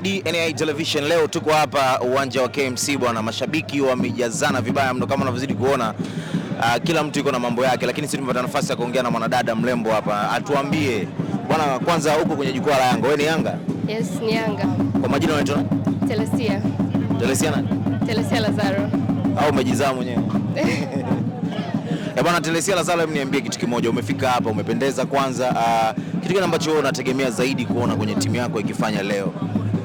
DNA Television leo tuko hapa uwanja wa KMC bwana, mashabiki wamejazana vibaya mno kama unavyozidi kuona. Uh, kila mtu yuko na mambo yake, lakini sisi tumepata nafasi ya kuongea na mwanadada mrembo hapa. Atuambie bwana, kwanza huko kwenye jukwaa la Yanga, wewe ni Yanga? Yes, ni Yanga. Kwa majina unaitwa Telesia. Telesia nani? Telesia Lazaro. Au umejizaa mwenyewe? Eh, bwana Telesia Lazaro, hebu niambie kitu kimoja, umefika hapa umependeza kwanza. Uh, kitu gani ambacho unategemea zaidi kuona kwenye timu yako ikifanya leo?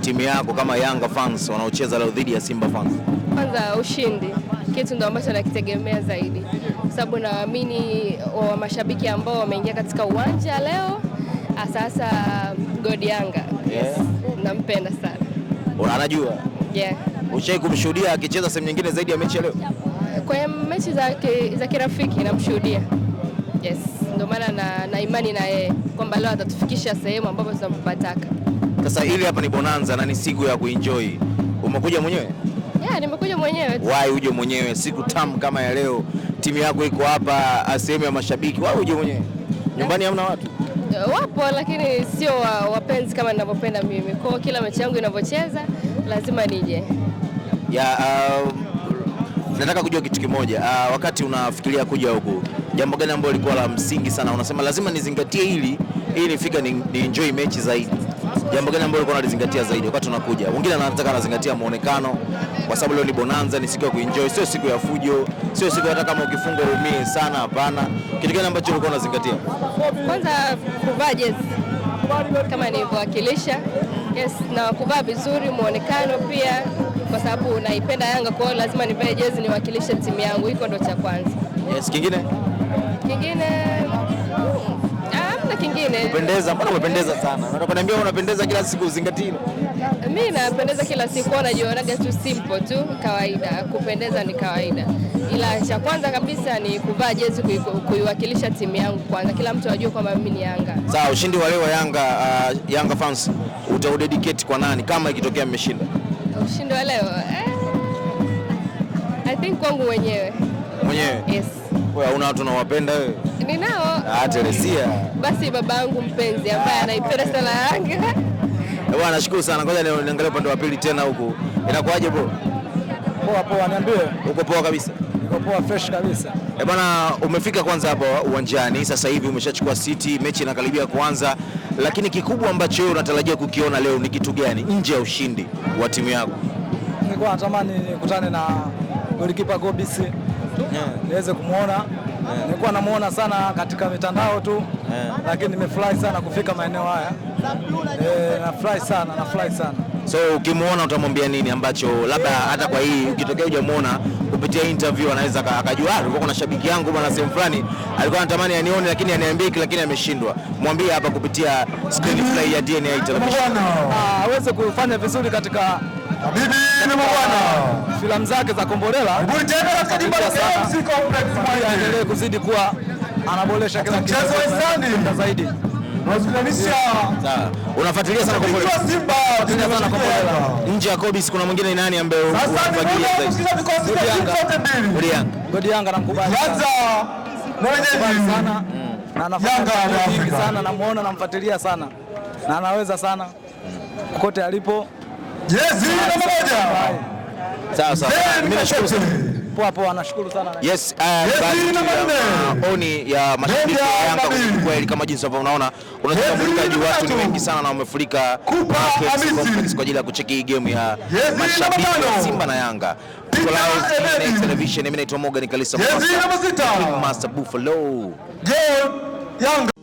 timu yako kama Yanga fans wanaocheza leo dhidi ya Simba fans? Kwanza ushindi, kitu ndio ambacho nakitegemea zaidi, kwa sababu naamini wa mashabiki ambao wameingia katika uwanja leo, sasa God Yanga yes. Yeah. Nampenda sana anajua yeah. Ushai kumshuhudia akicheza sehemu nyingine zaidi ya mechi ya leo? Kwa mechi za, ki, za kirafiki namshuhudia. Yes, ndio maana na, na imani na yeye kwamba leo atatufikisha sehemu ambapo tunapataka. Sasa hili hapa ni bonanza na ni siku ya kuenjoy. Umekuja mwenyewe? Yeah, nimekuja mwenyewe. Wai uje mwenyewe siku tamu kama ya leo, timu yako iko hapa, sehemu ya mashabiki. Wai uje mwenyewe. Nyumbani hamna watu? Eh, wapo, lakini sio wapenzi kama ninavyopenda mimi. Kwa kila mechi yangu inavyocheza lazima nije. Yeah, uh, um, nataka kujua kitu kimoja. Uh, wakati unafikiria kuja huku, jambo gani ambalo lilikuwa la msingi sana unasema lazima nizingatie hili ili nifika ni, ni enjoy mechi zaidi? jambo gani ambalo ulikuwa unalizingatia zaidi wakati tunakuja? Wengine anataka anazingatia muonekano, kwa sababu leo ni bonanza, ni siku ya kuenjoy, sio siku ya fujo, sio siku hata kama ukifunga umie sana, hapana. Kitu gani ambacho ulikuwa unazingatia? Kwanza kuvaa jezi kama nilivyowakilisha, yes, na kuvaa vizuri, muonekano pia, kwa sababu naipenda Yanga, kwa hiyo lazima nivae jezi niwakilishe timu yangu, hiko ndo cha kwanza. Yes, kingine kingine kingine. Kupendeza, mbona umependeza sana? Unaniambia unapendeza kila siku uzingatie. Mimi napendeza kila siku, najionaga tu simple tu kawaida. Kupendeza ni kawaida. Ila cha kwanza kabisa ni kuvaa jezi kuiwakilisha timu yangu kwanza, kila mtu ajue kwamba mimi ni Yanga. Sawa, ushindi wa leo Yanga, uh, Yanga fans utaudedicate kwa nani kama ikitokea mmeshinda? Ushindi wa leo eh, I think kwangu mwenyewe. Mwenyewe. Yes. Wewe hauna watu unawapenda wewe? Ninao. Ah, Teresia. Basi babangu mpenzi ambaye anaipenda sana Yanga. Bwana nashukuru sana. Ngoja niangalie upande wa pili tena huku. Inakuaje bro? Poa poa, niambie. Uko poa kabisa? Niko poa fresh kabisa. Eh, bwana umefika kwanza hapa uwanjani. Sasa hivi umeshachukua siti, mechi inakaribia kuanza. Lakini kikubwa ambacho wewe unatarajia kukiona leo ni kitu gani nje ya ushindi wa timu yako? Nilikuwa natamani nikutane na golikipa Gobisi niweze kumwona nilikuwa namuona sana katika mitandao tu lakini nimefurahi sana kufika maeneo haya e, nafurahi sana nafurahi sana so ukimuona utamwambia nini ambacho labda hata kwa hii ukitokea hujamuona kupitia interview anaweza akajua alikuwa ah, kuna shabiki yangu bwana sehemu fulani alikuwa anatamani anione lakini aniambiki lakini ameshindwa mwambie hapa kupitia screen mm-hmm. fly ya DNA television ah, aweze kufanya vizuri katika Tabibi ni bwana. Filamu zake za Kombolela endelee kuzidi kuwa anaboresha kila kitu zaidi. Unafuatilia sana Kombolela. Nje ya Kobisi kuna mwingine nani ambaye Godi Yanga namkubali sana mm. na nafanya sana, namuona namfuatilia sana na anaweza sana mm. kote alipo Sawa sawa. Mimi nashukuru poa poa, nashukuru sana. Yes, uh, maoni ya mashabiki wa Yanga kweli, kama jinsi ambavyo unaona unafurika juu, watu ni wengi sana na wamefurika kwa ajili ya kucheki game ya mashabiki wa Simba na Yanga. Television, mimi naitwa Morgan Kalisa Master Buffalo. Yanga